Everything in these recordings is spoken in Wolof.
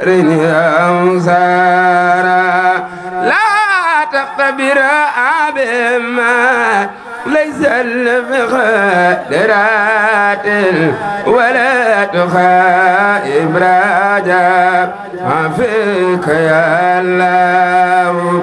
بحرين أوزارا لا تقبر بما ليس المقدرات ولا تخائب راجا ما فيك يا الله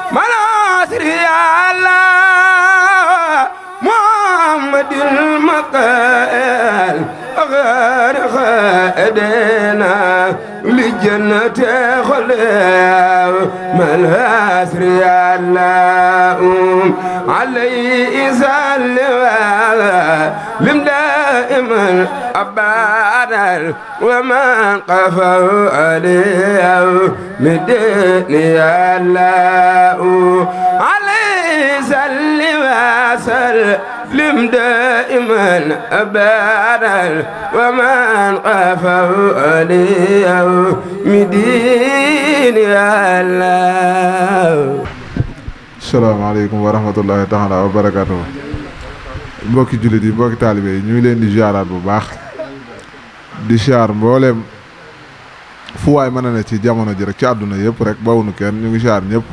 هدينا للجنة خليل ما الهاسر يا الله عليه إزال لم دائما أبادا ومن قفوا عليه مدين يا الله عليه سلام وسل لم دائما أبدا ومن قف ليوم mbokki jullit yi mbokki taalibe yi ñu ngi leen di ziaraat bu baax di ziar mboolem fu waay mën a ci jamono ji rek ci àdduna yëpp rek bawunu kenn ñu ngi ziar ñëpp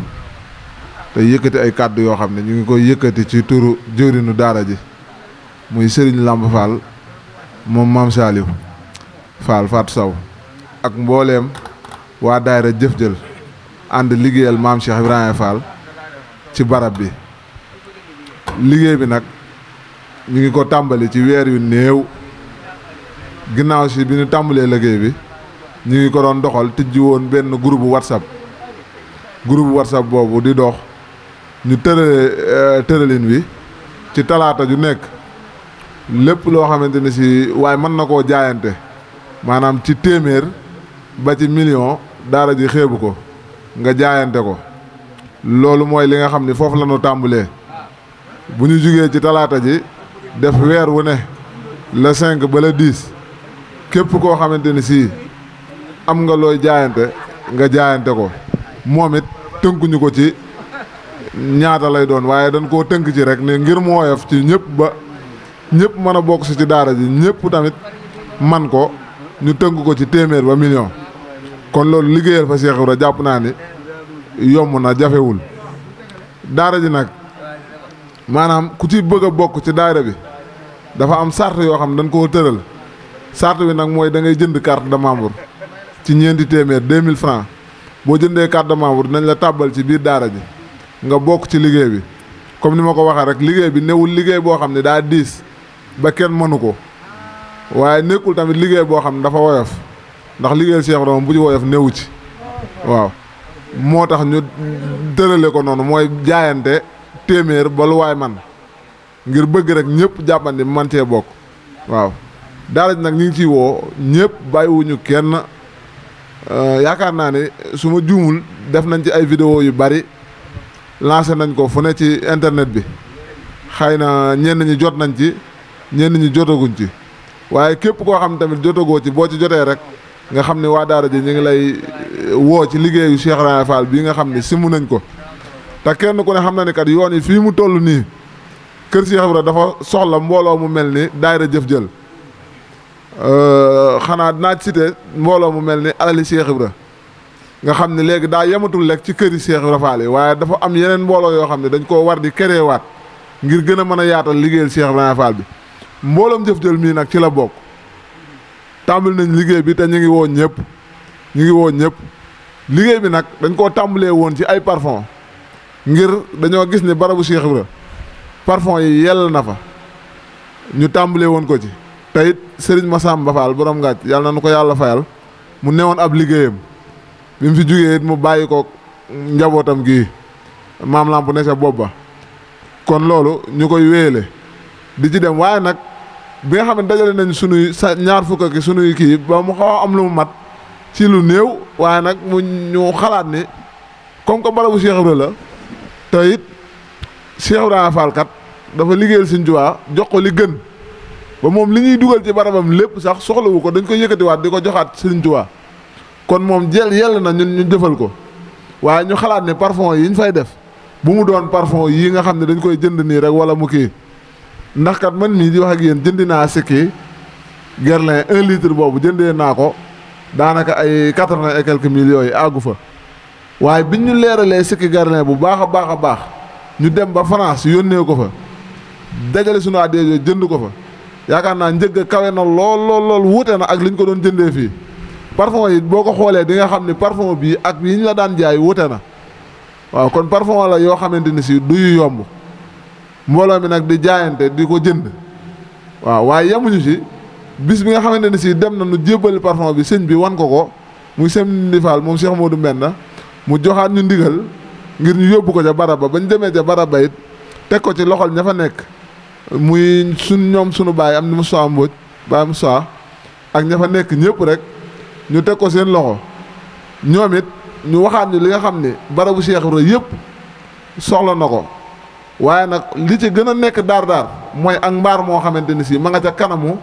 tey yëkkati ay kàddu yoo xam ne ñu ngi ko yëkkati ci turu jëwrinu daara ji muy sëriñ Lamb Fall moom maam Saliou Fall Fatou Sow ak mbooleem waa daayira jëf-jël ànd liggéeyal maam Cheikh Ibrahima Fall ci barab bi liggéey bi nag ñu ngi ko tàmbali ci weer yu néew ginnaaw si bi ñu tàmbalee liggéey bi ñu ngi ko doon doxal tijji woon benn groupe WhatsApp groupe WhatsApp boobu di dox ñu tërale euh, tëralin wi ci talaata ju nekk lépp loo xamante ni si waaye mën na koo jaayante maanaam ci téeméer ba ci million daara ji xeebu ko nga jaayante ko loolu mooy li nga xam ni foofu la ñu tàmbalee bu ñu jugee ci talaata ji def weer wu ne le cinq ba le dix képp koo xamante ni si am nga looy jaayante nga jaayante ko moom it tënkuñu ko ci ñaata lay doon waaye dañ koo tënk ci rek ni ngir mu woyof ci ñëpp ba ñëpp mën a bokk si ci daara ji ñëpp tamit man ko ñu tënk ko ci téeméer ba million kon loolu liggéeyal fa Cheikh Ibra jàpp naa ni yomb na jafewul daara ji nag maanaam ku ci bëgg a bokk ci daara bi dafa am sart yoo xam dañ koo tëral sart bi nag mooy da ngay jënd carte de membre ci ñeenti téeméer 2000 francs boo jëndee carte de membre nañ la tàbbal ci biir daara ji nga bokk ci liggéey bi comme ni ma ko waxee rek liggéey bi newul liggéey boo xam ne daa diis ba kenn mënu ko waaye nekkul tamit liggéey boo xam ne dafa woyof ndax liggéey Cheikh Ibrahima bu ci woyof newu ci waaw moo tax ñu tërale ko noonu mooy jaayante téeméer ba waay man ngir bëgg rek ñëpp jàppandi man cee bokk waaw daala ji nag ñu ngi woo ñëpp bàyyiwuñu kenn yaakaar naa ne su ma juumul def nañ ci ay vidéo yu bari lancé nañ ko fu ne ci internet bi xëy na ñenn ñi jot nañ ci ñenn ñi jotaguñ ci waaye képp koo xam tamit jotagoo ci boo ci jotee rek nga xam ni waa daara ji ñu ngi lay eh, woo ci liggéeyu Cheikh Ibra Fall bii nga xam ni simu nañ ko te kenn ku ne xam na ni kat yoon yi fii mu toll nii kër Cheikh Ibra dafa soxla mbooloo mu mel ni daayira jëf jël euh, xanaa naaj cité mbooloo mu mel ni alali Cheikh ra nga xam ne léegi daa yematul lekk ci këri Seex Ibra Faal yi waaye dafa am yeneen mbooloo yoo xam ne dañ koo war di waat ngir gën a mën a yaatal liggéeyal Seex Ibra Faal bi mbooloom jëf jël mii nag ci la bokk tàmbali nañ liggéey bi te ñu ngi woo ñëpp ñu woo ñëpp liggéey bi nag dañ koo tàmbalee woon ci ay parfum ngir dañoo gis ni barabu Seex ra parfum yi yell na fa ñu tàmbalee woon ko ci te it Sëriñ Masamba Fall borom ngaaj yàlla na nu ko yàlla fayal mu newoon ab liggéeyam mi mu fi jugee it mu bàyyi ko njabootam gii maam làmp ne sa bopp ba kon loolu ñu koy wéele di ci dem waaye nag bi nga xam ne dajale nañ sunuy sa ñaar fukk ak sunuy kii ba mu xaw am lu mu mat ci lu néew waaye nag mu ñu xalaat ni comme que barabu Cheikh Ibra la te it Cheikh Ibrahima Fall kat dafa liggéeyal Sëñ Tuubaa jox ko li gën ba moom li ñuy dugal ci barabam lépp sax soxlawu ko dañ koy ko yëkkatiwaat di ko joxaat Sëñ Tuubaa kon moom jël yell na ñun ñu jëfal ko waaye ñu xalaat ne parfum yi ñu fay def bu mu doon parfum yii nga xam ne dañ koy jënd nii rek wala mu kii ndax kat man mii di wax ak yéen jëndi naa sikki Guerlain un litre boobu jëndee naa ko daanaka ay quatre-vingt et quelques mille àggu fa waaye biñ ñu leeralee sikki Guerlain bu baax a baax a baax ñu dem ba France yónnee ko fa dajale sunu àddee jënd ko fa yaakaar naa njëgg kawe na lool lool lool wuute na ak liñ ko doon jëndee fii. parfum yi boo ko xoolee di nga xam ni parfum bii ak yi ñu la daan jaay wute na waaw kon parfum la yoo xamante ni si du yomb mbooloo mi nag di jaayante di ko jënd waaw waaye yemuñu si bis bi nga xamante ni si dem na nu jébbali parfum bi sëñ bi wan ko ko muy sëñ Ndi Fall moom Cheikh Modou Mbenn mu joxaat ñu ndigal ngir ñu yóbbu ko ca baraba ba ñu demee ca baraba it teg ko ci loxol ña fa nekk muy sun ñoom sunu baay am ni mu soo am mbóoj baay ak ña fa nekk ñëpp rek. ñu teg ko seen loxo ñoom it ñu waxaat ñu li nga xam ne barabu Cheikh Ibra yëpp soxla na ko waaye nag li ci gën a nekk daar daar mooy ak mbaar moo xamante ni sii ma nga ca kanamu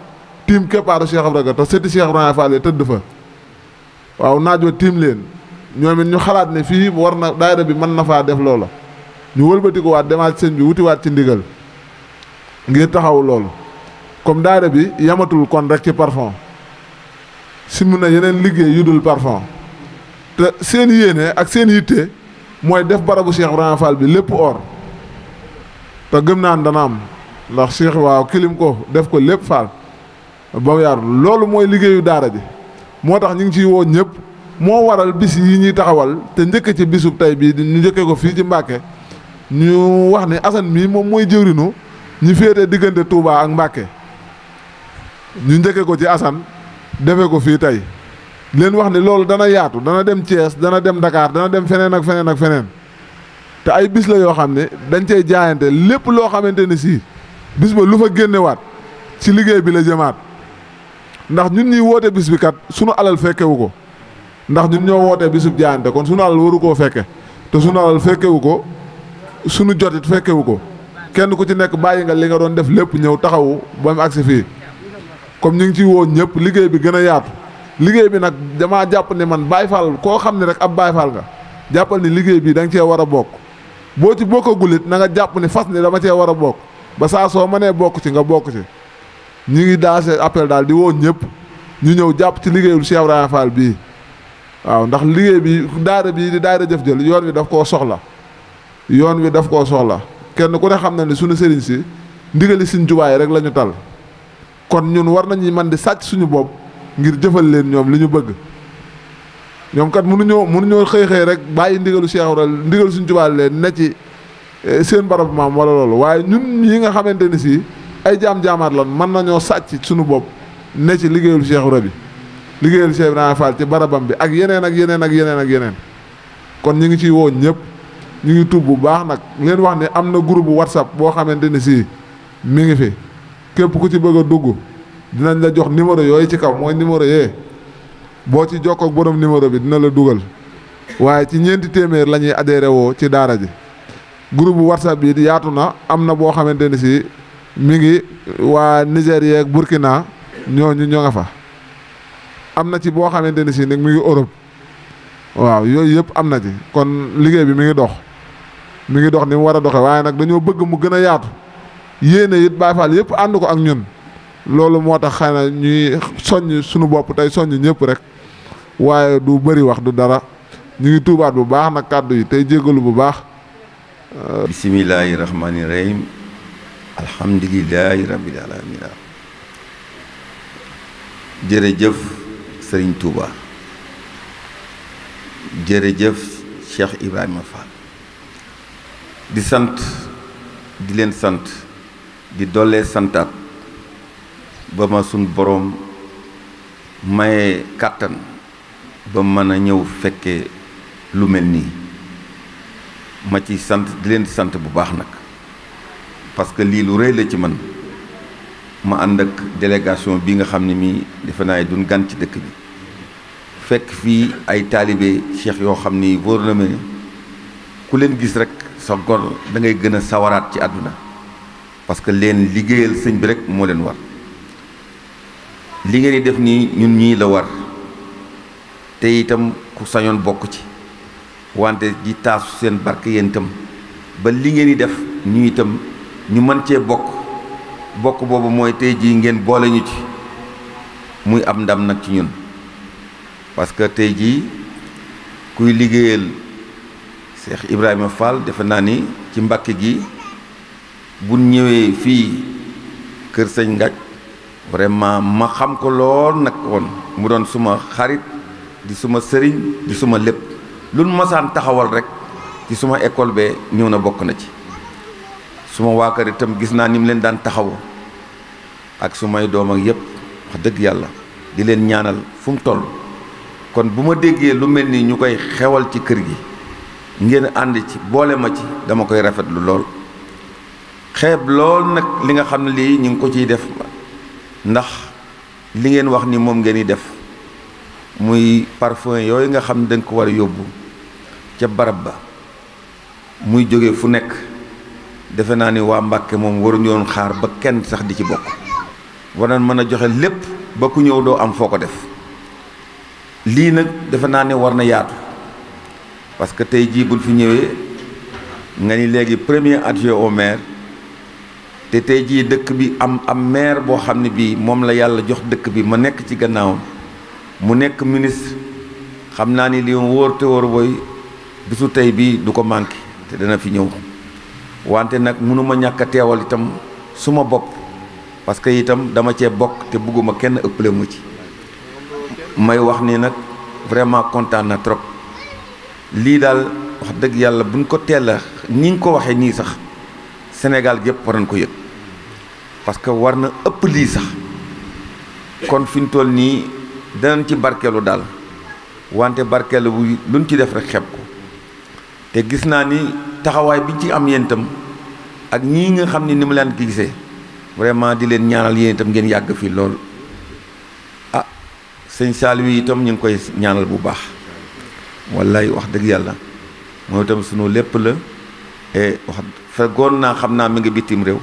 tiim keppaaru Cheikh Ibra ga te sëti Cheikh Ibra Fall tëdd fa waaw naaj naajoo tiim leen ñoom ñu xalaat ne fii war na daayira bi mën na faa def loola ñu wëlbatikuwaat demaat sëñ bi wutiwaat ci ndigal ngir taxawu loolu comme daayira bi yamatul kon rek ci parfum simb na yeneen liggéey yu dul parfum te seen yéene ak seen yitte mooy def barabu Cheikh Ibrahima Fall bi lépp or te gëm naa dana am ndax Cheikh waaw kilim ko def ko lépp Fall ba yaar loolu mooy liggéeyu daara ji moo tax ñu ngi ciy woo ñëpp moo waral bis yi ñuy taxawal te njëkk ci bisub tey bii ñu njëkkee ko fii ci Mbàkke ñu wax ni asan mii moom mooy jëwrinu ñu féetee diggante tuubaa ak Mbàkke ñu njëkkee ko ci Assane defee ko fii tey leen wax ne loolu dana yaatu dana dem Thiès dana dem ndakaar dana dem feneen ak feneen ak feneen te ay bis la yoo xam ne dañ cey jaayante lépp loo xamante ni si bis ba lu fa génnewaat ci liggéey bi la jëmaat ndax ñun ñuy woote bis bi kat sunu alal fekkewu ko ndax ñun ñoo woote bisub jaayante kon sunu alal waru koo fekke te sunu alal fekkewu ko sunu jotit fekkewu ko kenn ku ci nekk bàyyi nga li nga doon def lépp ñëw taxawu ba mu agsi fii comme ñu ngi ciy woon ñëpp liggéey bi gën a yaatu liggéey bi nag damaa jàpp ne man Baye Fall koo xam ne rek ab Baye Fall nga jàppal ni liggéey bi da cee war a bokk boo ci bokkagul it na nga jàpp ni fas ni dama cee war a bokk ba saa soo mënee bokk ci nga bokk ci ñu ngi daase appel daal di woon ñëpp ñu ñëw jàpp ci liggéeyul Cheikh Ibrahima Fall bii waaw ndax liggéey bi daara bii di daara jëf jël yoon wi daf koo soxla yoon wi daf koo soxla kenn ku ne xam na ne suñu sëriñ si ndigali sin jubaay rek la ñu tal kon ñun war nañu man di sàcc suñu bopp ngir jëfal leen ñoom li ñu bëgg ñoom kat mënuñoo mënuñoo xëy xëy rek bàyyi ndigalu Cheikh Ibra ndigalu suñu tubaab leen ne ci eh, seen barab maam wala loolu waaye ñun yi nga xamante ni si ay jaam-jaamaat lan mën nañoo sàcc suñu bopp ne ci liggéeyul Cheikh Ibra bi liggéeyal Cheikh Ibrahima Fall ci barabam bi ak yeneen ak yeneen ak yeneen ak yeneen kon ñu ngi ciy woo ñëpp ñu ngi tub bu baax nag leen wax ne am na groupe WhatsApp boo xamante ni si mi ngi fi képp ku ci bëgg a dugg dinañ la jox numéro yooyu ci kaw mooy numéro yee boo ci jokkoo ak borom numéro bi dina la dugal waaye ci ñeenti téeméer lañuy ñuy woo ci daara ji groupe whatsapp bi yaatu na am na boo xamante ni si mi ngi waa Nigéria ak Burkina ñooñu ñoo nga fa am na ci boo xamante ni si nag mi ngi Europe waaw yooyu yëpp am na ci kon liggéey bi mi ngi dox mi ngi dox ni mu war a doxee waaye nag dañoo bëgg mu gën a yaatu. yéene it Baay Faal yëpp ànd ko ak ñun loolu moo tax xanaa ñuy soññ sunu bopp tey soññ ñëpp rek waaye du bëri wax du dara ñu ngi tuubaat bu baax nag kàddu yi tey jéggalu bu baax euh, bismillaahi rahmaani rahim alhamdulillaahi rabbil aalamiina jërëjëf sëriñ jëf jërëjëf Cheikh Ibrahima Fall di sant di leen sant di dollee santaat ba ma sun boroom maye kàttan ba mën a ñëw fekkee lu mel nii ma ci sant di leen sant bu baax nag parce que lii lu rëy la ci man ma ànd ak délégation bi nga xam ne mii defe naa duñ gan ci dëkk bi fekk fii ay taalibe cheikh yoo xam ni wóor na ma ku leen gis rek sa gol da ngay gën a sawaraat ci àdduna parce que leen liggéeyal sëñ bi rek moo leen war li ngeen di def nii ñun ñii la war te itam ku sañoon bokk ci wante ji taasu seen barke yéen itam ba li ngeen di def ñu itam ñu mën cee bokk bokk boobu mooy tey jii ngeen boole ñu ci muy am ndam nag ci ñun parce que tey jii kuy liggéeyal Cheikh Ibrahima Fall defe naa ni ci Mbàkke gi bu ñëwee fii kër sëñ Ngaaj vraiment ma xam ko lool nag on mu doon suma xarit di suma sëriñ di suma lépp lu nu masaan taxawal rek ci suma école bee ñëw na bokk na ci suma waa kër itam gis naa ni mu leen daan taxaw ak sumay doom ak yépp wax dëgg yàlla di leen ñaanal fu mu toll kon bu ma déggee lu mel ni ñu koy xewal ci kër gi ngeen ànd ci boole ma ci dama koy rafetlu lool xeeb lool nag li nga xam ne lii ñu ngi ko ciy def ndax li ngeen wax ni moom ngeen di def muy parfum yooyu nga xam ne danga ko war a yóbbu ca barab ba muy jóge fu nekk defe naa ni waa Mbàkke moom waruñu woon xaar ba kenn sax di ci bokk war na mën a joxe lépp ba ku ñëw doo am foo ko def lii nag defe naa ne war na yaatu parce que tey jii bul fi ñëwee nga ni léegi premier adjoint au te tey jii dëkk bi am am maire boo xam ne bii moom la yàlla jox dëkk bi ma nekk ci gannaawam mu nekk ministre xam naa ni li ma wóor te wóor booy bisu tey bii du ko manqué te dana fi ñëw wante nag mënuma ñàkk teewal itam suma bopp parce que itam dama cee bokk te bëgguma kenn ëppale mu ci may wax ni nag vraiment kontaan na trop lii daal wax dëgg yàlla buñ ko teel a ni nga ko waxee nii sax. Sénégal gépp war ko yëg parce que war na ëpp lii sax kon fi ñu toll nii danañ ci barkeelu daal wante barkeelu bu luñ ci def rek xeeb ko te gis naa ni taxawaay bi ci am yéen itam ak ñii nga xam ni ni ma leen ki gisee vraiment di leen ñaanal yéen itam ngeen yàgg fii lool ah sëñ Saliou itam ñu ngi koy ñaanal bu baax wallaay wax dëgg yàlla mooy itam sunu lépp la e wax feggoon naa xam naa mi ngi bitim réew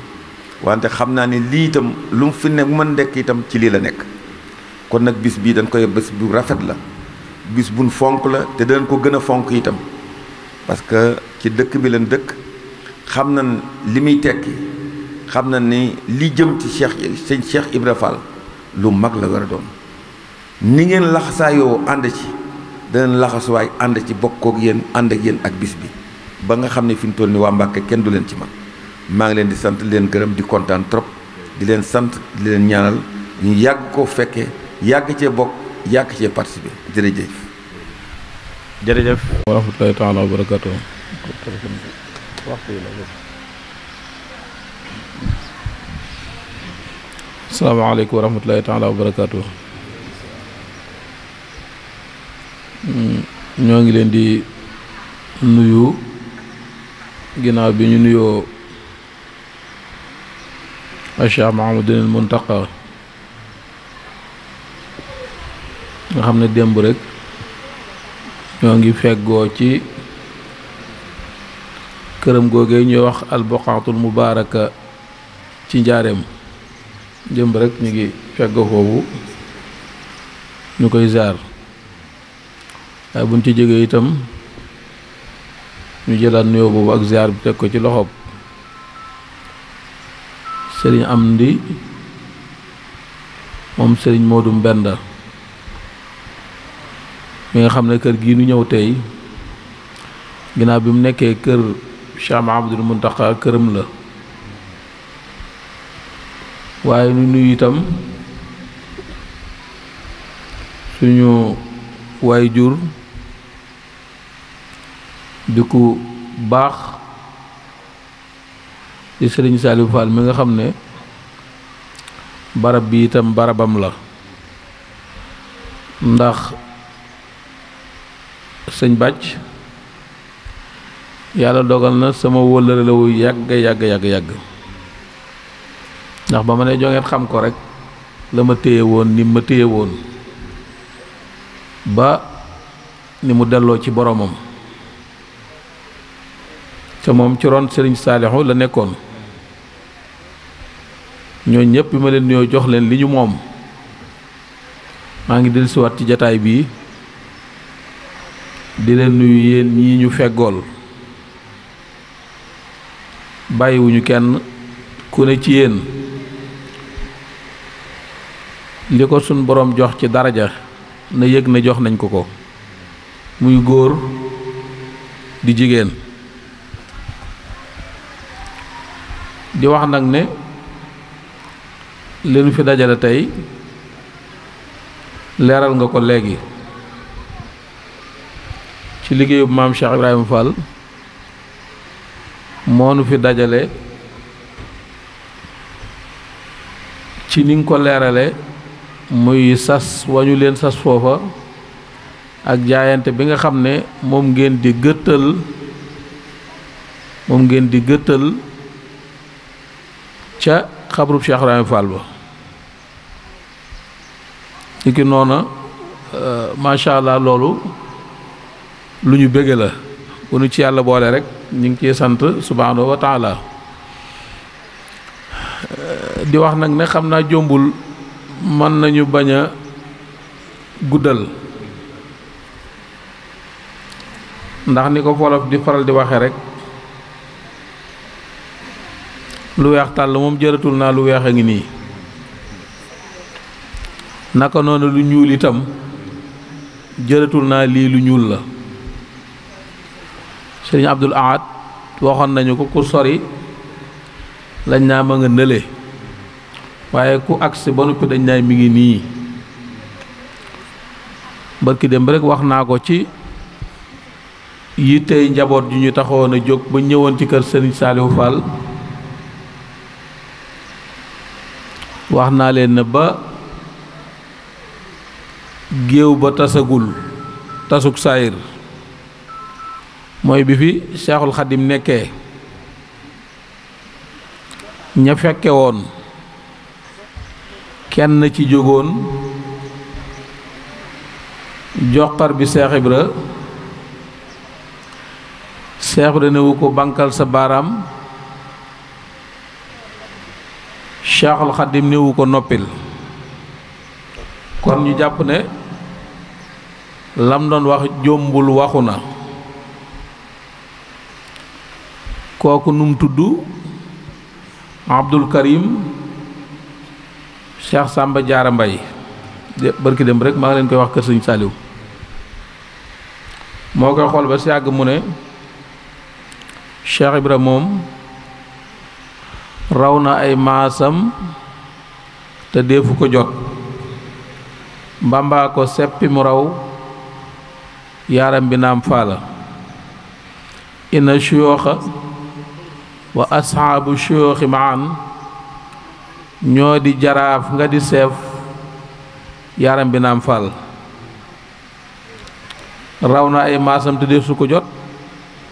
wante xam naa ni lii itam lu mu fi nekk mën ndekk itam ci lii la nekk kon nag bis bii dañ koy bés bu rafet la bis bun fonk la te dañ ko gën a fonk itam parce que ci dëkk bi lañ dëkk xam na li muy tekki xam na ni li jëm ci cheikh sëñ Cheikh Ibra Fall lu mag la war a doon ni ngeen laxasaayoo ànd ci danañ laxasuwaay ànd ci bokkook yéen ànd ak yéen ak bis bi ba nga xam ne fi mu toll nii waa Mbàkke kenn du leen ci man maa ngi leen di sant leen gërëm di kontaan trop di leen sant di leen ñaanal ñu yàgg ko fekkee yàgg cee bokk yàkk cee participer jërëjëf. jërëjëf. wa rahmatulahi taala wa barakatu waxtu yi la. asalaamaaleykum wa rahmatulahi barakaatu hmm, ñoo ngi leen di nuyu ginnaaw bi ñu nuyoo Cheikh Mahamadul Muntaqa nga xam ne démb rekk ñoo ngi feggoo ci këram googee ñuy wax alboqaatul mubaaraka ci njaareem démb rekk ñu ngi feggoo foofu ñu koy ziar waaye buñ ci jógee itam ñu jëlaat nuyo boobu ak ziar bi teg ko ci loxoom sëriñ Amdi moom sëriñ Modou Mbenda mi nga xam ne kër gi nu ñëw tey ginnaaw bi mu nekkee kër Cheikh Abdul Muntaqa këram la waaye nu nuyu itam suñu waay jur di ku baax di sëriñ Saliou mi nga xam ne barab bi itam barabam la ndax sëñ bàcc yàlla dogal na sama wóllëre la wu yàgg yàgg yàgg ndax ba ma ne jongeen xam ko rek la ma téye woon ni ma téye woon ba ni mu delloo ci boroomam ca moom ci ron sëriñ Saliou la nekkoon ñoo ñëpp bi ma leen nuyoo jox leen li ñu moom maa ngi dellusiwaat ci jataay bii di leen nuyu yéen ñii ñu feggool bàyyiwuñu kenn ku ne ci yéen li ko sunu boroom jox ci daraja na yëg na jox nañ ko ko muy góor di jigéen di wax nag ne li fi dajale tey leeral nga ko léegi ci liggéeyub maam Cheikh Ibrahima Fall moo fi dajale ci ni ko leerale muy sas wañu leen sas foofa ak jaayante bi nga xam ne moom ngeen di gëttal moom ngeen di gëttal ca xabru Cheikh Ibrahima Fall ba niki noona euh, macha allah loolu lu ñu bëgg la bu ci yàlla boole rek ñu ngi cee sant subhanahu wa euh, di wax nag ne xam naa jombul mën nañu bañ a guddal ndax ni ko wolof di faral di waxe rek lu weex tàll moom jëratul naa lu weex a ngi nii naka noonu lu ñuul itam jëratul naa lii lu ñuul la sëriñ Abdul Ahad waxoon nañu ko ku sori lañ naa ma nga ndële waaye ku agsi ba noppi dañ naa mi ngi nii barki dem rek wax naa ko ci tey njaboot yu ñu taxoon a jóg ba ñëwoon ci kër sëriñ Saalihu Fall wax naa leen na ba géew ba tasagul tasug saayir mooy bi fi Cheikhul Xadim nekkee ña fekke woon kenn ci jógoon joxar bi Cheikh Ibra Cheikh Ibra newu ko bankal sa baaraam cheikhul xadim néewu ko noppil kon ñu jàpp ne lam doon wax jombul waxu na kooku num tudd abdul karim cheikh sàmba jaara mbay bërki dem rek maa ngi leen koy wax kër sëñ saaliw moo koy xool ba si yàgg mu ne cheikh ibra moom raw na ay maasam te deefu ko jot mbàmbaa ko seppi mu raw yaaram bi naam faala ina suyooxa wa asxaabu suyooxi maan ñoo di jaraaf nga di seef yaaram bi naam faal raw na ay maasam te deefu ko jot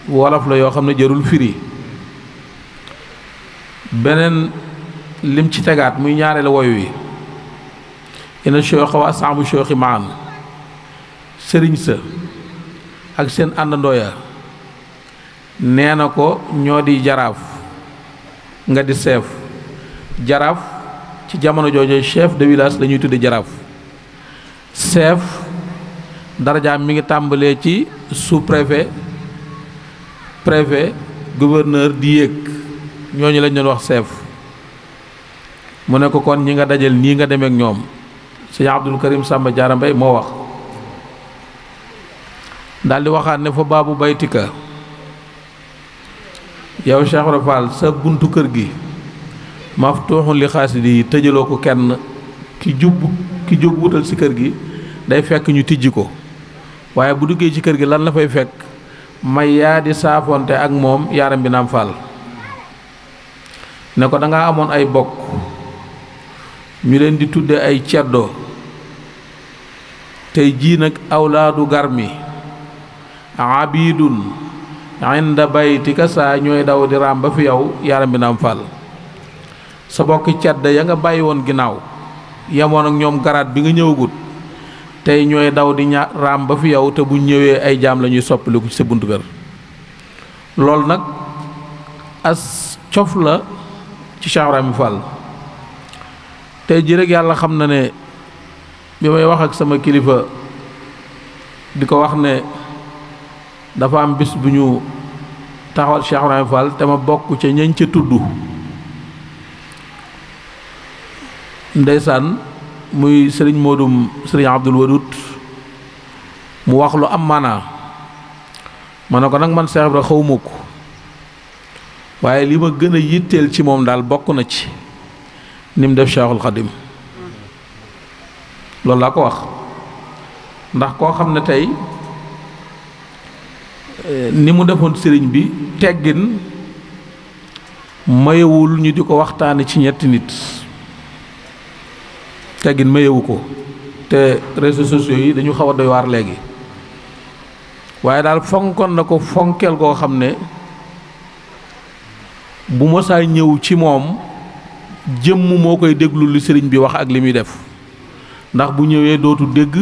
wolof la yoo xam ne jërul firi beneen lim ci tegaat muy ñaareelu woy wi ina cheikh wa asaabu cheikh maan sëriñ sa ak seen àndandoo nee na ko ñoo di jaraaf nga di chef jaraaf ci jamono jooju chef de village la ñuy tudde jaraaf chef darajaam mi ngi tàmbalee ci sous préfet préfet gouverneur di yéeg ñooñu lañ doon wax seef mu ne ko kon ñi nga dajal nii nga demee ak ñoom sëñ Abdul Karim Sàmba Jaara Mbay moo wax daldi waxaat ne fa baabu baytika yow Cheikh sa buntu kër gi maftuuxun li xaasidi yi tëjaloo ko kenn ki jub ki jóg wutal ci kër gi day fekk ñu tijji ko waaye bu duggee ci kër gi lan la fay fekk may yaa di saafonte ak moom yaaram bi naam faal ne ko danga amoon ay bokk ñu leen di tudde ay ceddoo tey jii nag awlaadu garmi abidun inda baytika saa ñooy daw di raam ba fi yow yaram bi naam fàll sa bokki cedda ya nga bàyyi woon ginnaaw yamoon ak ñoom garaat bi nga ñëwagut tey ñooy daw di raam ba fi yow te bu ñëwee ay jaam la ñuy soppaliku ci sa buntu kër loolu nag as cof la ci Cheikh Ibrahima tey jii rek yàlla xam na ne bi may wax ak sama kilifa di ko wax ne dafa am bis bu ñu taxawal Cheikh Ibrahima te ma bokk ca ñañ ca tudd ndeysaan muy sëriñ Modum sëriñ Abdul Wadud mu wax lu am maanaa ma ne ko nag man Cheikh Ibrahima xawma ko waaye li ma gën a yitteel ci moom daal bokk na ci ni mu def Cheikhul Xadim loolu laa ko wax ndax koo xam ne tey eh, ni mu defoon sëriñ bi teggin mayewul ñu di ko waxtaane ci ñetti nit teggin mayewu ko te réseaux sociaux yi dañu xaw a doy léegi waaye daal fonkoon na ko fonkeel koo xam ne bu mosaa ñëw ci moom jëmm moo koy déglu li sëriñ bi wax ak li muy def ndax bu ñëwee dootu dégg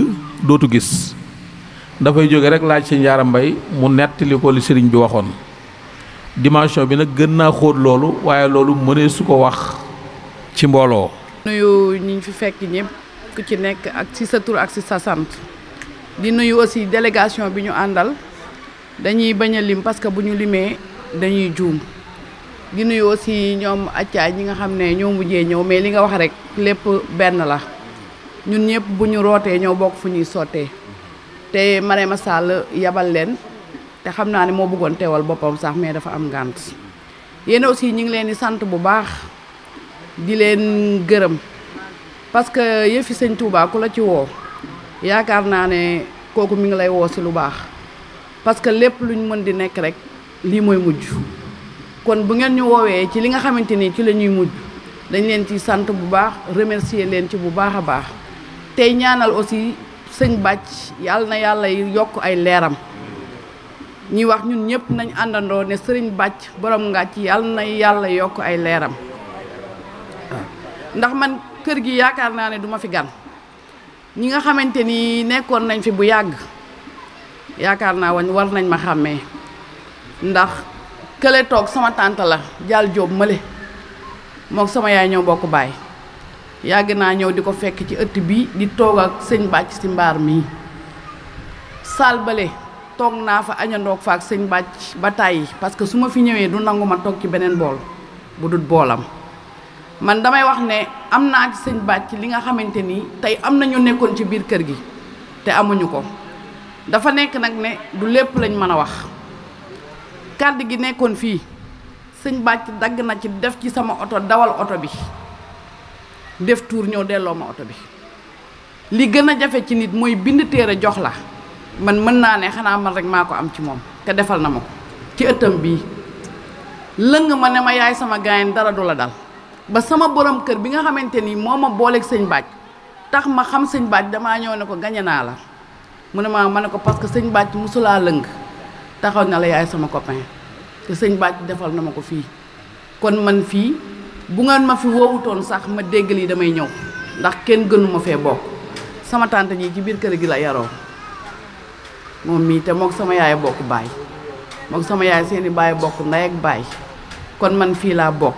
dootu gis dafay jóge rek laaj sëñ Yaaram Mbay mu nettali ko li sëriñ bi waxoon dimension bi nag gën naa xóot loolu waaye loolu mënee su ko wax ci mbooloo nuyu ñi fi fekk ñëpp ku ci nekk ak ci sa tur ak ci sa sant di nuyu si délégation bi ñu àndal dañuy bañ a lim parce que bu ñu limee dañuy juum di nuyu aussi ñoom acca ñi nga xam ne ñoo mujjee ñëw mais li nga wax rek lépp benn la ñun ñëpp bu ñu rootee ñoo bokk fu ñuy sottee te Marème Sall yabal leen te xam naa ne moo bëggoon teewal boppam sax mais dafa am ngànt yéen aussi ñu ngi leen di sant bu baax di leen gërëm parce que yëfi sëñ Touba ku la ci woo yaakaar naa ne kooku mu ngi lay woo si lu baax parce que lépp luñ mën di nekk rek lii mooy mujj kon bu ngeen ñu woowee ci li nga xamante ni ci la ñuy mujj dañ leen ci sant bu baax remercier leen ci bu baax a baax tey ñaanal aussi sëñ bàcc yàlla na yàlla yokk ay leeram ñuy wax ñun ñëpp nañ àndandoo ne sëriñ bàcc borom ngàcc yàlla na yàlla yokk ay leeram ndax man kër gi yaakaar naa ne duma fi gan ñi nga xamante ni nekkoon nañ fi bu yàgg yaakaar naa wañ war nañ ma xàmmee ndax kële toog sama tante la jaal jóob male moom sama yaay ñoo bokk baay yàgg naa ñëw di ko fekk ci ëtt bi di toog ak sëñ bàcc si mbaar mii saal bale toog naa fa añandoog fa ak sëñ bàcc ba tàyyi parce que su ma fi ñëwee du nangu ma toog ci beneen bool bu dul boolam man damay wax ne am naa ci sëñ bàcc li nga xamante ni tey am nañu nekkoon ci biir kër gi te amuñu ko dafa nekk nag ne du lépp lañ mën a wax kàdd gi nekkoon fii sëñ bàcc dagg na ci def ci sama oto dawal oto bi def tuur ñëw delloo ma oto bi li gën a jafe ci nit mooy bind téere jox la man mën naa ne xanaa man rek maa ko am ci moom te defal na ma ko ci ëttam bii lëng ma ne ma yaay sama gaayen dara du la dal ba sama boroom kër bi nga xamante ni moo ma booleeg sëñ bàcc tax ma xam sëñ bàcc damaa ñëw ne ko gañe naa la mu ne maa ma ne ko parce que sëñ bàcc mosulaa lëng taxaw na la yaay sama copain te sëñ Bathie defal na ma ko fii kon man fii bu ngeen ma fi wowutoon sax ma dégg lii damay ñëw ndax kenn gënu ma fee bokk sama tante ji ci biir kër gi la yaroo moom mii te mook sama yaay bokk baay mook sama yaay seeni baay bokk ndey ak baay kon man fii laa bokk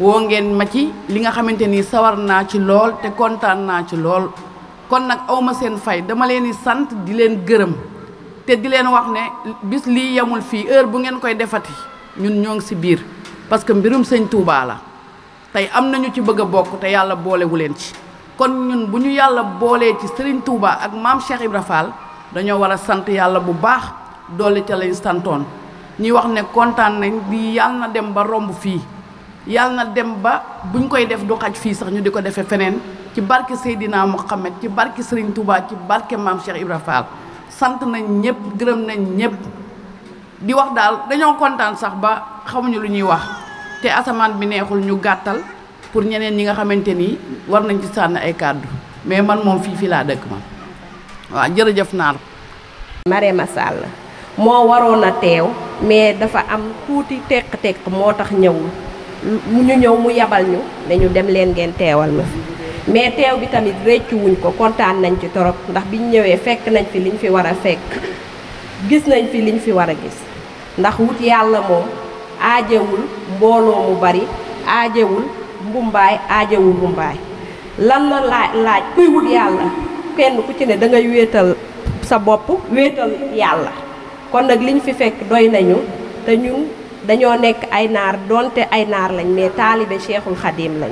woo ngeen ma ci li nga xamante ni sawar naa ci lool te kontaan naa ci lool kon nag awma seen fay dama leen di sant di leen gërëm te di leen wax ne bis lii yemul fii heure bu ngeen koy defati ñun ñoo ngi si biir parce que mbirum sëñ Touba la tey am nañu ci bëgg a bokk te yàlla boolewu leen ci kon ñun bu ñu yàlla boolee ci Serigne Touba ak maam Cheikh Ibra Fall dañoo war a sant yàlla bu baax doole ca lañ santoon ñuy wax ne kontaan nañ di yàlla na dem ba romb fii yàlla na dem ba buñ koy def du xaj fii sax ñu di ko defee feneen ci barke Seydina Mohamed ci barke Serigne Touba ci barke maam Cheikh sant nañ ñëpp gërëm nañ ñëpp di wax daal dañoo kontaan sax ba xamuñu lu ñuy wax te asamaan bi neexul ñu gàttal pour ñeneen ñi nga xamante ni war nañ ci sànn ay kàddu mais man moom fii fii laa dëkk man waaw jërëjëf naar Marème Sall moo waroon a teew mais dafa am tuuti teq tekk moo tax ñëwul mu ñu ñëw mu yabal ñu dañu dem leen ngeen teewal ma mais teew bi tamit réccuwuñ ko kontaan nañ ci torop ndax biñ ñëwee fekk nañ fi liñ fi war a fekk gis nañ fi liñ fi war a gis ndax wut yàlla moom aajewul mbooloo mu bari aajewul mbumbaay aajewul mbumbaay lan la laaj laaj kuy wut yàlla kenn ku ci ne da ngay wéetal sa bopp wéetal yàlla kon nag liñ fi fekk doy nañu te ñun dañoo nekk ay naar donte ay naar lañ mais taalibe cheikhul xadim lañ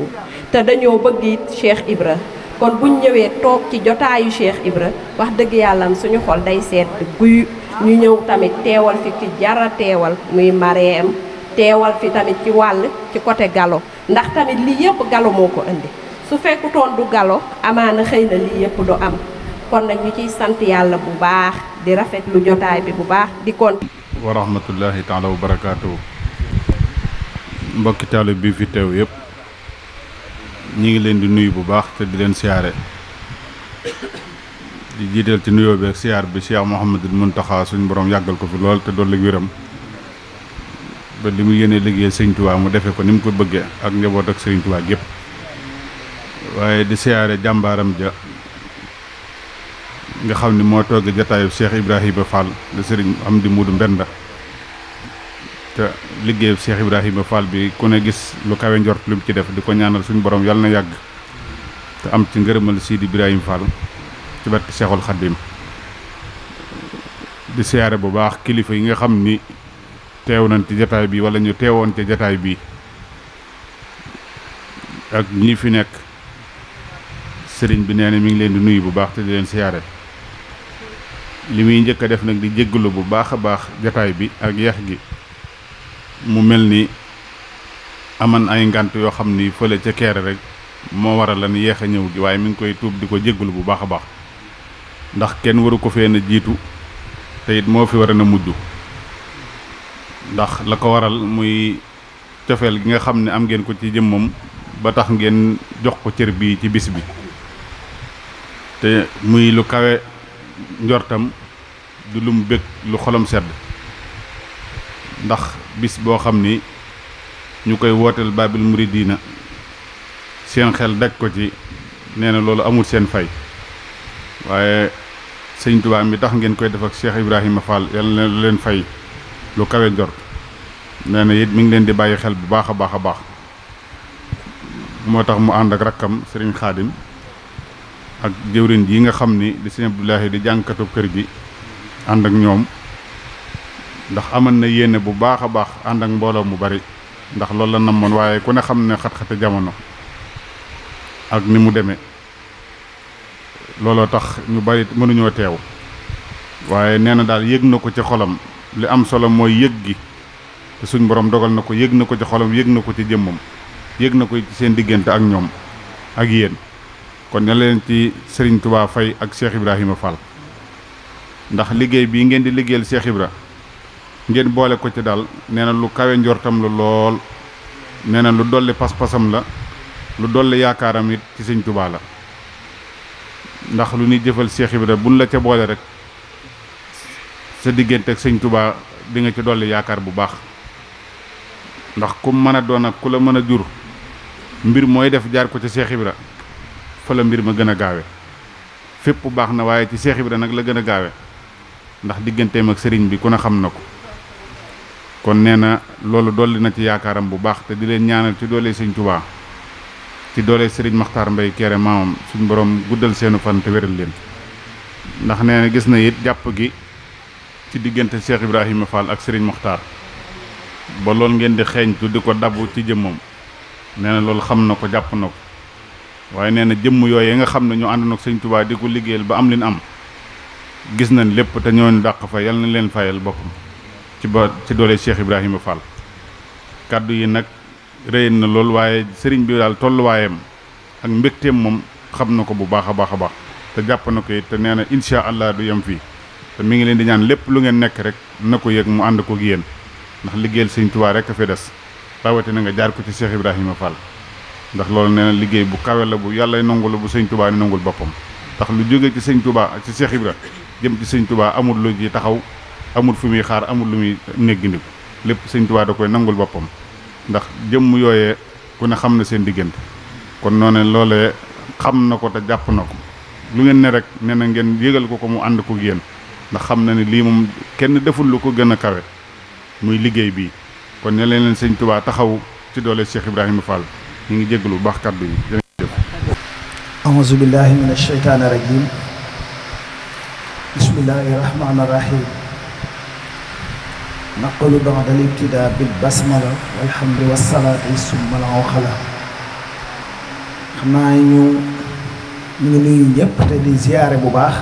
te dañoo bëgg it cheikh Ibra kon buñ ñëwee toog ci jotaayu cheikh Ibra wax dëgg yàlla suñu xol day seet guy ñu ñëw tamit teewal fi ci jara teewal muy mareem teewal fi tamit ci wàll ci côté galo ndax tamit lii yëpp galo moo ko indi su fekkutoon du galo amaana xëy na lii yëpp du am kon nag ciy sant yàlla bu baax di rafet lu jotaay bi bu baax di kon wa rahmatullahi taala wa barakaatu mbokki taalib bi fi teew yépp ñi ngi leen di nuyu bu baax te di leen siyaare di jiital ci nuyoo beeg siyaar bi Cheikh Mouhamadul Muntaxa suñu boroom yàggal ko fi lool te dolli wéram ba li mu yéene liggéey Sëriñ Tuubaa mu defee ko ni mu ko bëggee ak njaboot ak Sëriñ Tuubaa waaye di siyaare jàmbaaram ja nga xam ni moo toog jataayu Cheikh Ibrahima Fall de Serigne Amdi Muudu Mbenda te liggéeyu Cheikh Ibrahima Fall bi ku ne gis lu kawe njort lu mu ci def di ko ñaanal suñu borom yal na yàgg te am ci ngërëmal Sidi Ibrahima Fall ci barke Cheikhul Khadim di siyaare bu baax kilifa yi nga xam ni teew nañ ci jataay bi wala ñu teewoon ci jataay bi ak ñi fi nekk sëriñ bi nee na mi ngi leen di nuyu bu baax te di leen siyaare li muy njëkk a def nag di jéggalu bu baax a baax jataay bi ak yax gi mu mel ni aman ay ngànt yoo xam ni fële ca keere rek moo waral lan yéex a ñëw gi waaye mi ngi koy tuub di ko jéggalu bu baax a baax ndax kenn waru ko fee na jiitu te moo fi war na mujj ndax la ko waral muy cofeel gi nga xam ne am ngeen ko ci jëmmam ba tax ngeen jox ko cër bii ci bis bi te muy lu kawe njortam du lu mu bëgg lu xolam sedd ndax bis boo xam ni ñu koy wooteel Babil Mouridina seen xel deg ko ci nee na loolu amul seen fay waaye sëñ Tuubaa mi tax ngeen koy def ak seex Ibrahima Fall yàlla na leen fay lu kawe njort nee na it mi ngi leen di bàyyi xel bu baax a baax a baax moo tax mu ànd ak rakkam sëriñ Xaadim ak jëwriñ yi nga xam ni di sëñ Abdoulahi di jànkatub kër gi ànd ak ñoom ndax amal na yéene bu baax a baax ànd ak mbooloo mu bari ndax loolu la namoon waaye ku ne xam ne xat-xate jamono ak ni mu demee looloo tax ñu bari mënuñoo teew waaye nee na daal yëg na ko ci xolam li am solo mooy yëg gi te suñ borom dogal na ko yég na ko ci xolam yëg na ko ci jëmmam yëg na ko ci seen diggante ak ñoom ak yéen kon ne leen ci sëriñ tubaa Faye ak Cheikh Ibrahima Fall ndax liggéey bii ngeen di liggéeyal Cheikh Ibra ngeen boole ko ci daal nee na lu kawe njortam la lool nee na lu dolli pas-pasam la lu dolli yaakaaram it ci Serigne Touba la ndax lu ñuy jëfal Cheikh Ibra buñ la ca boole rek sa diggante ak Serigne Touba di nga ci dolli yaakaar bu baax ndax ku mën a doon ak ku la mën a jur mbir mooy def jaar ko ci Cheikh Ibra fa mbir ma gën a gaawe fépp baax na waaye ci Seex Ibra nag la gën a gaawe ndax digganteem ak sëriñ bi ku ne xam na ko kon nee na loolu dolli na ci yaakaaram bu baax te di leen ñaanal ci doole sëñ Tuubaa ci doole sëriñ Maxtaar Mbay Kéré maamam suñ borom guddal seenu fan te wéral leen ndax nee na gis na it jàpp gi ci diggante Cheikh Ibrahima Fall ak sëriñ Maxtaar ba loolu ngeen di xeeñtu di ko dabu ci jëmmam nee na loolu xam na ko jàpp na ko waaye nee na jëmm yooyu nga xam ne ñu àndoon ak sëñ Tuubaa di ko liggéeyal ba am liñ am gis nañ lépp te ñooñu dàq fa yal na leen fayal boppam ci ba ci doole Cheikh Ibrahima Fall kàddu yi nag rëyén na lool waaye sëriñ bi daal tolluwaayam ak mbégteem moom xam na ko bu baax a baax a baax te jàpp na ko it te nee na incha allah du yem fii te mi ngi leen di ñaan lépp lu ngeen nekk rek na ko yëg mu ànd ko ak ndax liggéeyal sëñ Tuubaa rek a fi des rawate na nga jaar ko ci Cheikh Ibrahima Fall ndax loolu nee na liggéey bu kawe la bu yàllay nangu la bu sëñ tubaa ni nangul boppam tax lu jóge ci sëñ tubaa ak ci Seex Ibra jëm ci sëñ tubaa amul lu ci taxaw amul fu muy xaar amul lu muy néggandiku lépp sëñ tubaa da koy nangul boppam ndax jëmm yooye ku ne xam na seen diggante kon noonu loole xam na ko te jàpp na ko lu ngeen ne rek nee na ngeen yégal ko ko mu ànd ko yéen ndax xam na ne lii moom kenn deful lu ko gën a kawe muy liggéey bii kon ne leen leen taxaw ci doole Cheikh Ibrahima Fall ñu ngi jéggalu bu baax kàddu yi jërëjëf auzu billahi min asheytaani rajim bismillahi rahmaani rahim naqulu ba'da al-ibtidaa bil basmala walhamdu wassalaati summa al-awqala xam naa ñu ñu ngi nuyu ñëpp te di ziyaare bu baax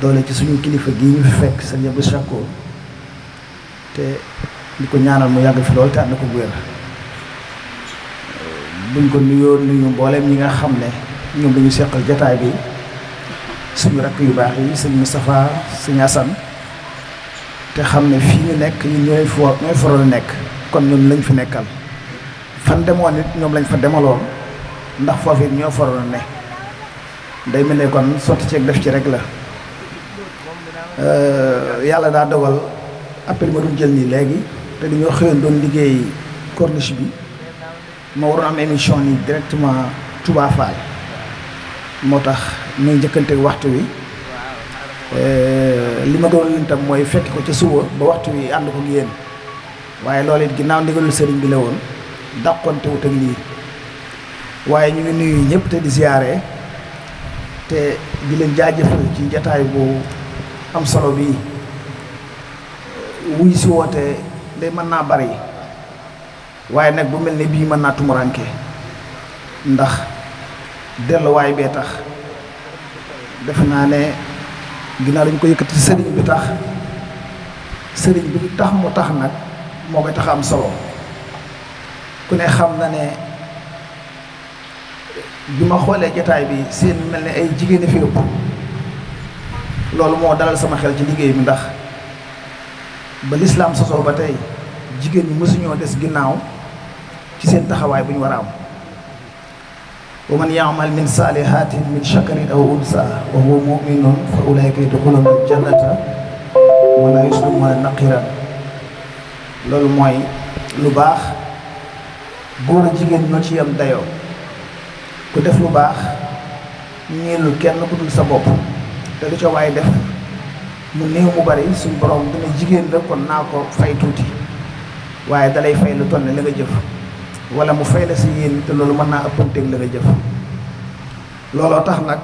doole ci suñu kilifa gi ñu fekk sëñ Abdou Sakho te di ko ñaanal mu yàgg fi lool te ànd ko wér buñ ko nuyoo nuyu mbooleem ñi nga xam ne ñoom lañuy seqal jataay bi suñu rakk yu baax yi sëñ Moustapha sëñ Assane te xam ne fii ñu nekk ñun ñooy fo ñooy nekk kon ñun lañ fi nekkal fan demoon ñoom lañ fa demaloon ndax foofu it ñoo faral ne day mel ne kon sotti ceeg def ci rek la euh, yàlla daa dogal appel ma doon jël nii léegi te dañoo xëyoon doon liggéey corniche bi. ma waroon am émission ni directement Touba moo tax muy njëkkante waxtu wi euh, li ma doon leen mooy fekk ko ca suba ba waxtu wi ànd ko yéen waaye loolu it ginnaaw ndigalul sëriñ bi la woon dàqonte wut ak lii waaye ñu ngi nuyu ñëpp te di siyaare te di leen jaajëfal ci jataay bu am solo bi wuy si woote day mën naa bari waaye nag bu mel ne bii mën naa tumuranke ndax delluwaay bee tax defe naa ne ginnaaw dañu ko yëkkati sëriñ bi tax sëriñ bi tax mu tax nag moo koy tax am solo ku ne xam na ne bi ma xoolee jataay bi seen mel ne ay jigéen a fi ëpp loolu moo dalal sama xel ci liggéey bi ndax ba lislaam sosoo ba tey jigéen ñi mësuñoo des ginnaaw seen taxawaay bu ñu war a am wa man yaamal min saalihatin min shakarin aw unsa wa huwa muminun fa ulaika yadxuluna aljannata wala yuslamuna naqiran loolu mooy lu baax góor a jigéen ñoo ci yam dayoo ku def lu baax ñeelul kenn ku dul sa bopp te lu ca waay def mu néew mu bari suñ borom dina jigéen la kon naa ko fay tuuti waaye dalay fay lu toll ne la nga jëf wala mu fay la si yéen te loolu mën naa ëppanteeg la nga jëf looloo tax nag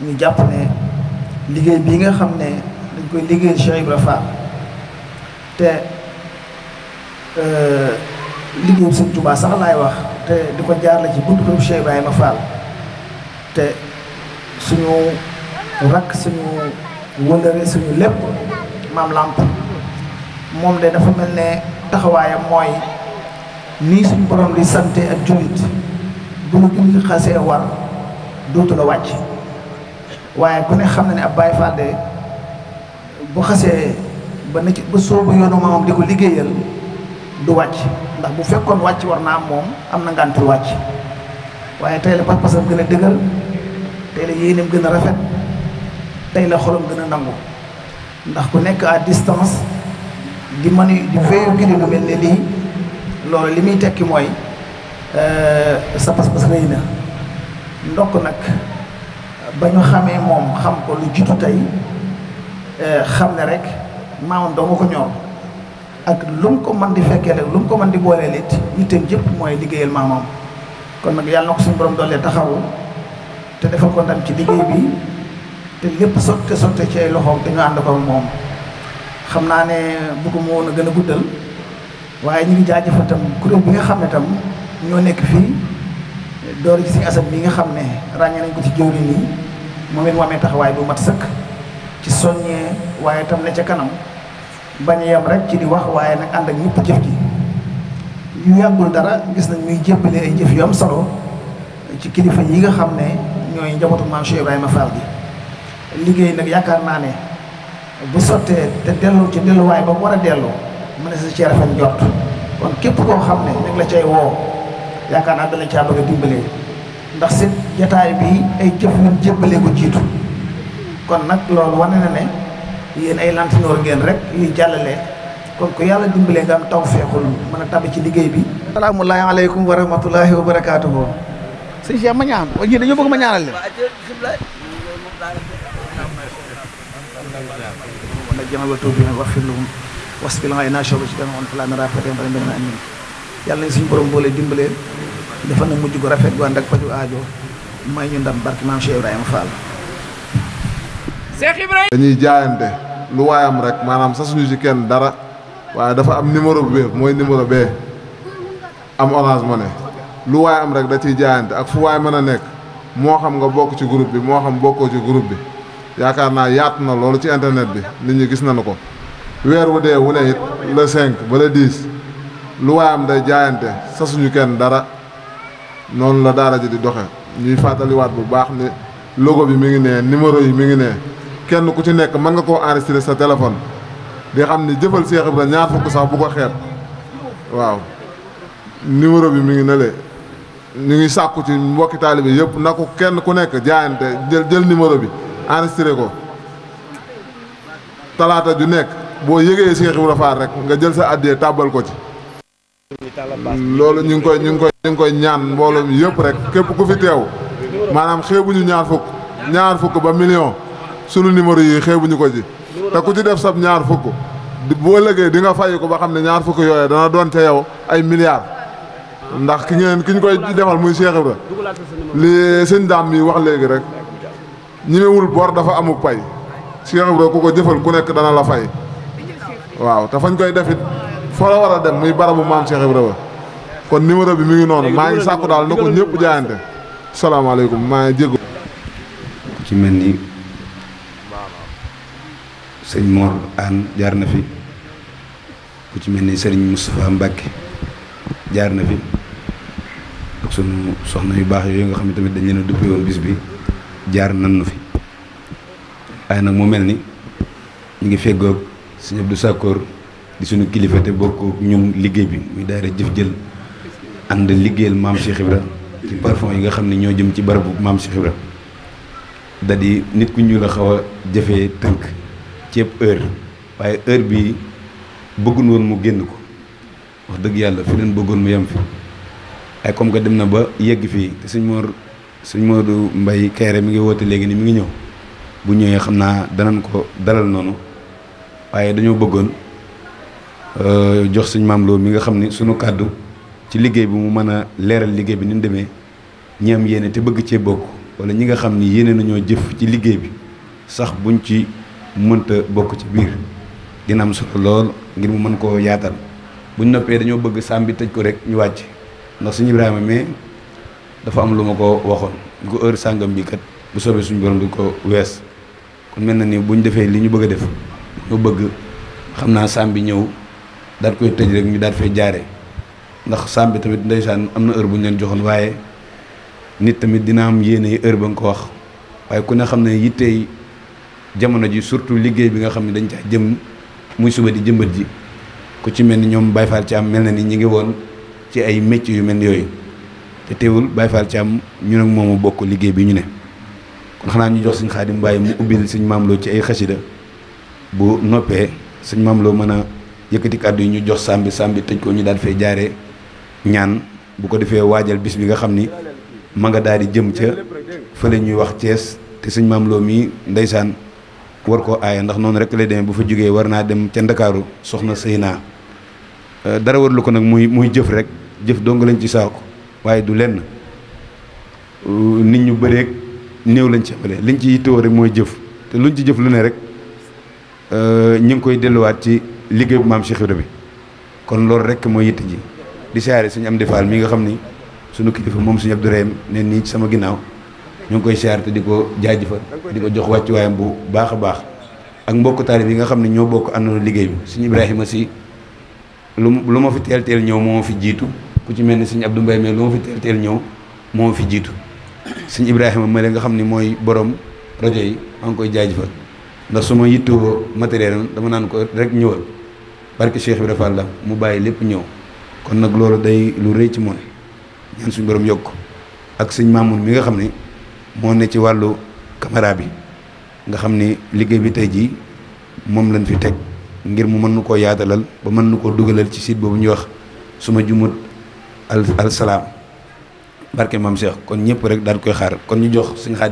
ñu jàpp ne liggéey bii nga xam ne dañ koy liggéey Cheikh Ibra Fall te euh, liggéey Sëñ Tuubaa sax laay wax te di ko jaar la ci buntu kër Cheikh Ibrahima Fall te suñu rakk suñu wëndëre suñu lépp maam làmp moom de dafa mel ne taxawaayam mooy nii suñ borom di sante ak jullit bu la julli xasee war dootu la wàcc waaye ku ne xam na ne ab Baay Faal bu xasee ba na ci ba soobu yoonu maamam di ko liggéeyal du wàcc ndax bu fekkoon wàcc war naa am moom am na ngàntul wàcc waaye tey la pas-pasam gën a dëgër tey la yéeneem gën a rafet tey la xolam gën a nangu ndax ku nekk à distance di manu di veyu ki di ne lii loolu li muy tekki mooy euh, sa pas-pas rëy na ndokk nag ba ñu xamee moom xam ko lu jiitu tey euh, xam ne rek maamam doo nga ko ñoom ak lu mu ko mën di fekkee rek lu mu ko man di booleel it yitteem jëpp mooy liggéeyal maamam kon nag yàlla na ko suñu borom doolee taxawu te dafa ko ndam ci liggéey bi te lépp sotte sotte ci ay loxoom te ñu ànd ko moom xam naa ne bëgguma woon a gën a guddal waaye ñu ngi jaajëfal tam kuréel bi nga xam ne tam ñoo nekk fii door ci si asab bi nga xam ne ràññee nañ ko ci jëwri nii moom it mu amee taxawaay bu mat sëkk ci soññee waaye tam ne ca kanam bañ a yem rek ci di wax waaye nag ànd ak ñëpp jëf ji ñu yàggul dara gis nañ muy jébbale ay jëf yu solo ci kilifa yi nga xam ne ñooy njabootu maam Cheikh Ibrahima Fall gi liggéey nag yaakaar naa ne bu sottee te dellu ci delluwaay ba mu war a delloo na si ci rafet njort kon képp koo xam ne ñu la cay woo yaakaar naa dana caa bëgg a dimbalee ndax si jataay bi ay jëf ñun jébbalee ko jiitu kon nag loolu wane na ne yéen ay lantinoor ngeen rek yuy jàllale kon ku yàlla dimbalee nga am taw feexul mën a tabi ci liggéey bi salaamullahi aleykum wa rahmatullahi wa barakaatuhu sëñ Cheikh ma ñaan wa ñii dañoo bëgg ma ñaanal wasbil ayna shu'batan wa antal ana rafiqin wa min yàlla suñu borom boole dimbalee dafa na mujj gu rafet gu ak paju aajo may ñu ndam barki maam Cheikh Ibrahima Fall. Cheikh dañuy jaayante lu waayam rek maanaam sa suñu ci kenn dara waaye dafa am numéro bi mooy numéro bee am orange money lu waay am rek da ciy jaayante ak fu waay mën a nekk moo xam nga bokk ci groupe bi moo xam bokkoo ci groupe bi yaakaar naa yaatu na loolu ci internet bi nit ñi gis nañu ko. weer wu dee wu it la cinq ba le dix lu waayam day jaayante sasuñu kenn dara noonu la daara ji di doxe ñuy fàttaliwaat bu baax ni logo bi mi ngi nee numéro yi mi ngi nee kenn ku ci nekk mën nga koo enregistré sa téléphone di xam ni jëfal Cheikh Ibra ñaar fukk sax bu ko xeet waaw numéro bi mi ngi ne le ñu ngi sàkku ci mbokki taalibe yëpp na ko kenn ku nekk jaayante jël jël numéro bi enregistré ko talaata ju nekk boo yëgee Cheikh Ibra Fall rek nga jël sa àddee tàbbal ko ci loolu ñu ngi koy ñu ngi koy ñu ngi koy ñaan mbooloo mi yëpp rek képp ku fi teew maanaam xeebuñu ñaar fukk ñaar fukk ba million sunu numéro yi xeebuñu ko ci te ku ci def sab ñaar fukk boo ëllëgee di nga fay ko ba xam ne ñaar fukk yooyu dana doon ca yow ay milliards ndax ki ngeen ki koy defal muy Cheikh Ibra li sëñ daam mi wax léegi rek ñi mewul bor dafa amu pay Cheikh Ibra ku ko jëfal ku nekk dana la fay waaw te fañ koy defit fa la war a dem muy barabu maam Cheikh Ibrahima kon numéro bi mi ngi noonu maa ngi sàkku daal na ko ñëpp jaayante salaamaaleykum maa ngi jéggu ci mel ni sëñ Mor na fi ci mel ni sëriñ Moustapha Mbacke jaar na fi ak sunu soxna yu baax yooyu nga xam ne tamit dañ leen a duppee bis bi jaar nan nu fi waaye nag mu mel ni ñu ngi feggoog sëñ Abdou Sakkoor di suñu kilifa te bokkook ñun liggéey bi muy daayira jëf jël ànd liggéeyal maam Cheikh Ibra ci parfum yi nga xam ne ñoo jëm ci barabu maam Cheikh Ibra da di nit ku ñu la xaw a jafee tënk ceeb heure waaye heure bi bëggun woon mu génn ko wax dëgg yàlla fi leen bëggoon mu yem fi ay comme que dem na ba yegg fii te suñ moor suñ mbay kayre mi ngi woote léegi ni mi ngi ñëw bu ñëwee xam naa danañ ko dalal noonu waaye dañoo bëggoon euh, jox suñ maam lool mi nga xam ni suñu kàddu ci liggéey bi mu mën a leeral liggéey bi ni mu demee ñi am yéene te bëgg cee bokk wala ñi nga xam ni yéene nañoo jëf ci liggéey bi sax buñ ci mënta bokk ci biir dina am solo lool ngir mu mën koo yaatal buñ noppee dañoo bëgg sàmm bi tëj ko rek ñu wàcc ndax suñu Ibrahima mais dafa am lu ma ko waxoon ñu ko heure sàngam bi kat bu soobee suñu borom du ko wees kon mel na ni buñ defee li ñu bëgg a def. ñu bëgg xam naa saam bi ñëw daal koy tëj rek ñu daal fay jaare ndax saam bi tamit ndeysaan am na heure bu ñu leen joxoon waaye nit tamit dina am yéene heure ba nga ko wax waaye ku ne xam ne yittey jamono ji surtout liggéey bi nga xam ne dañ caa jëm muy suba di jëmbat ji ko ci mel ni ñoom Baye Fall am mel na ni ñu ngi woon ci ay métiers yu mel ni yooyu te teewul Baye Fall Thiam ñu ne moomu bokk liggéey bi ñu ne kon xanaa ñu jox suñ Xaadim Mbaye mu ubbil suñ maamloo ci ay xasida bu noppee sëñ maam loo mën a yëkkati kàddu yi ñu jox sàmbi sàmbi tëj ko ñu daal fay jaaree ñaan bu ko defee waajal bis bi nga xam ni ma nga daal di jëm ca fële ñuy wax cees te sëñ maam loo mii ndeysaan war koo aaye ndax noonu rek lay demee bu fa jógee war naa dem ca ndakaaru soxna sëy naa euh, dara war lu ko nag muy muy jëf rek jëf dong lañ ci saako waaye du lenn euh, nit ñu bëreek néew lañ ci xamale liñ ci yittewoo rek mooy jëf te luñ ci jëf lu ne rek Euh, ñu ngi koy delluwaat ci liggéey bu maam Cheikh Ibra bi kon loolu rek mooy yitte ji di siyaare suñu am defaal mi nga xam ni suñu kilifa moom suñu Abdourahim ne nii ci sama ginnaaw ñu ngi koy siyaare te di ko jaajëfal di ko jox wàccuwaayam bu baax a baax ak mbokk taalib yi nga xam ne ñoo bokk àndoon liggéey bi suñu Ibrahima si lu lu ma fi teel teel ñëw moo fi jiitu ku ci mel ni suñu Abdou Mbaye mais lu fi teel ñëw moo fi jiitu suñu Ibrahima ma la nga xam ni mooy borom rajo yi maa ngi koy jaajëfal ndax su ma yittoo matériel dama naan ko rek ñëwal barke Cheikh bi Fall la mu bàyyi lépp ñëw kon nag loolu day lu rëy ci moom ñaan suñu borom yokk ak suñ maamun mi nga xam ne moo ne ci wàllu caméra bi nga xam ni liggéey bi tey jii moom lañ fi teg ngir mu mën na koo yaatalal ba mën na koo dugalal ci site boobu ñuy wax suma jumut al al salaam barke maam Cheikh kon ñëpp rek daal koy xaar kon ñu jox suñu xaaj.